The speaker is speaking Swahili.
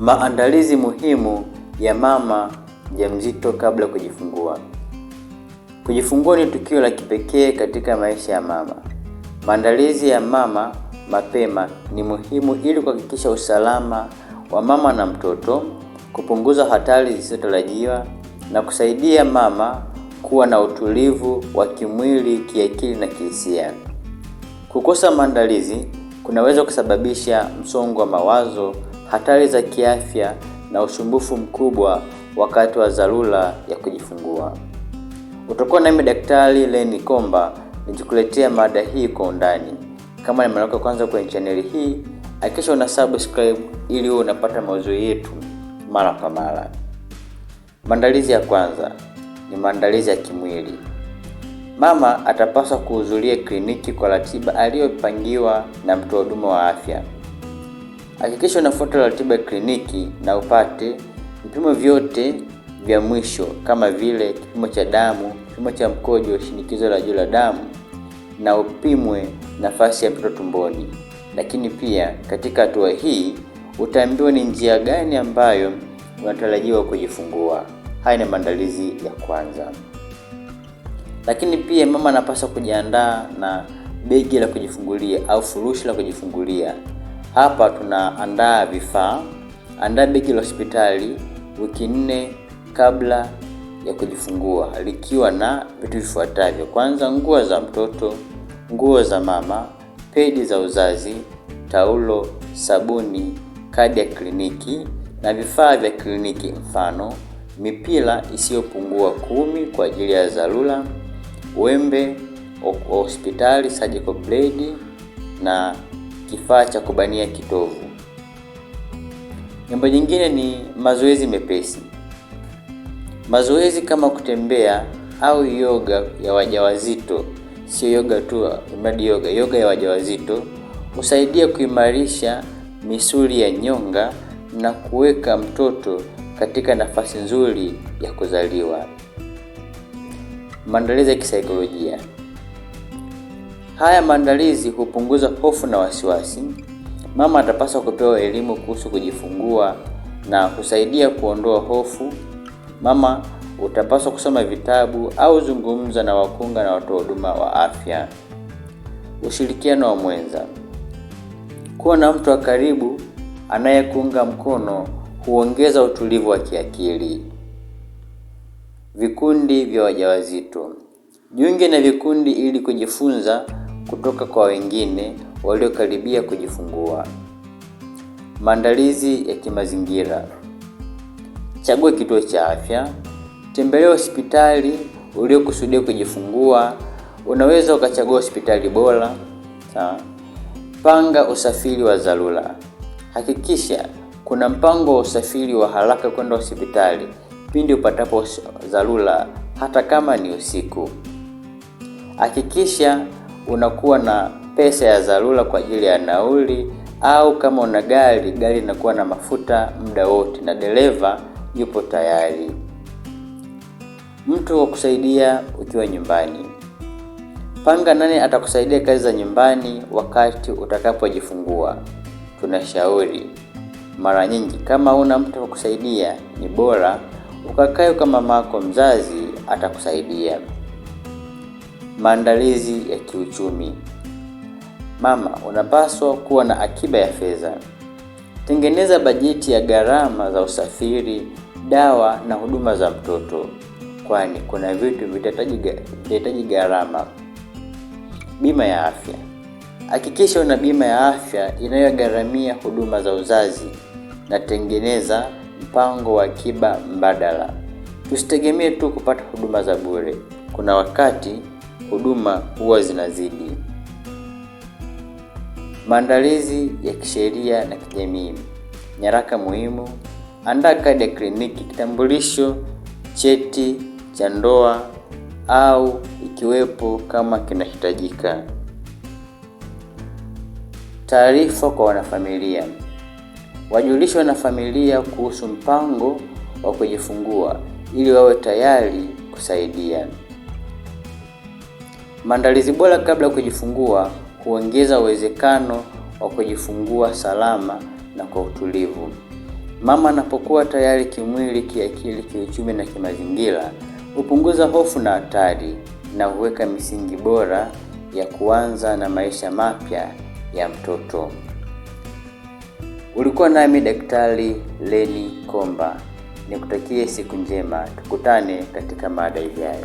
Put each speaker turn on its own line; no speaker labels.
Maandalizi muhimu ya mama mjamzito kabla ya kujifungua. Kujifungua ni tukio la kipekee katika maisha ya mama. Maandalizi ya mama mapema ni muhimu ili kuhakikisha usalama wa mama na mtoto, kupunguza hatari zisizotarajiwa na kusaidia mama kuwa na utulivu wa kimwili, kiakili na kihisia. Kukosa maandalizi kunaweza kusababisha msongo wa mawazo hatari za kiafya na usumbufu mkubwa wakati wa dharura ya kujifungua. Utakuwa nami Daktari Lenny Komba nijikuletea mada hii kwa undani. Kama ni mara yako kwanza kwenye chaneli hii, hakikisha una subscribe ili uwe unapata mauzuri yetu mara kwa mara. Maandalizi ya kwanza ni maandalizi ya kimwili. Mama atapaswa kuhudhuria kliniki kwa ratiba aliyopangiwa na mtoa huduma wa afya. Hakikisha unafuata ratiba ya kliniki na upate vipimo vyote vya mwisho kama vile kipimo cha damu, kipimo cha mkojo, shinikizo la juu la damu na upimwe nafasi ya mtoto tumboni. Lakini pia katika hatua hii utaambiwa ni njia gani ambayo unatarajiwa kujifungua. Haya ni maandalizi ya kwanza. Lakini pia mama anapaswa kujiandaa na begi la kujifungulia au furushi la kujifungulia hapa tunaandaa vifaa. Andaa begi la hospitali wiki nne kabla ya kujifungua likiwa na vitu vifuatavyo: kwanza, nguo za mtoto, nguo za mama, pedi za uzazi, taulo, sabuni, kadi ya kliniki na vifaa vya kliniki, mfano mipira isiyopungua kumi kwa ajili ya dharura, wembe wa hospitali, surgical blade na kifaa cha kubania kitovu. Jambo jingine ni mazoezi mepesi. Mazoezi kama kutembea au yoga ya wajawazito, sio yoga tu, imradi yoga, yoga ya wajawazito husaidia kuimarisha misuli ya nyonga na kuweka mtoto katika nafasi nzuri ya kuzaliwa. Maandalizi ya kisaikolojia. Haya maandalizi hupunguza hofu na wasiwasi. Mama atapaswa kupewa elimu kuhusu kujifungua na kusaidia kuondoa hofu. Mama utapaswa kusoma vitabu au zungumza na wakunga na watoa huduma wa afya. Ushirikiano wa mwenza: kuwa na mtu wa karibu anayekuunga mkono huongeza utulivu wa kiakili. Vikundi vya wajawazito: jiunge na vikundi ili kujifunza kutoka kwa wengine waliokaribia kujifungua. Maandalizi ya kimazingira: chagua kituo cha afya, tembelea hospitali uliokusudia kujifungua. Unaweza ukachagua hospitali bora. Panga usafiri wa dharura, hakikisha kuna mpango wa usafiri wa haraka kwenda hospitali pindi upatapo dharura, hata kama ni usiku. Hakikisha unakuwa na pesa ya dharura kwa ajili ya nauli, au kama una gari, gari inakuwa na mafuta muda wote na dereva yupo tayari. Mtu wa kusaidia ukiwa nyumbani, panga nani atakusaidia kazi za nyumbani wakati utakapojifungua. Tunashauri mara nyingi, kama una mtu wa kusaidia, ni bora ukakae kwa mamako mzazi, atakusaidia. Maandalizi ya kiuchumi. Mama, unapaswa kuwa na akiba ya fedha. Tengeneza bajeti ya gharama za usafiri, dawa na huduma za mtoto, kwani kuna vitu vitahitaji gharama. Bima ya afya. Hakikisha una bima ya afya inayogharamia huduma za uzazi na tengeneza mpango wa akiba mbadala. Tusitegemee tu kupata huduma za bure. Kuna wakati huduma huwa zinazidi. Maandalizi ya kisheria na kijamii: nyaraka muhimu, andaa kadi ya kliniki, kitambulisho, cheti cha ndoa au ikiwepo kama kinahitajika. Taarifa kwa wanafamilia: wajulishe wanafamilia kuhusu mpango wa kujifungua ili wawe tayari kusaidia. Maandalizi bora kabla ya kujifungua huongeza uwezekano wa kujifungua salama na kwa utulivu. Mama anapokuwa tayari kimwili, kiakili, kiuchumi na kimazingira, hupunguza hofu na hatari na huweka misingi bora ya kuanza na maisha mapya ya mtoto. Ulikuwa nami Daktari Leni Komba, nikutakie siku njema, tukutane katika mada ijayo.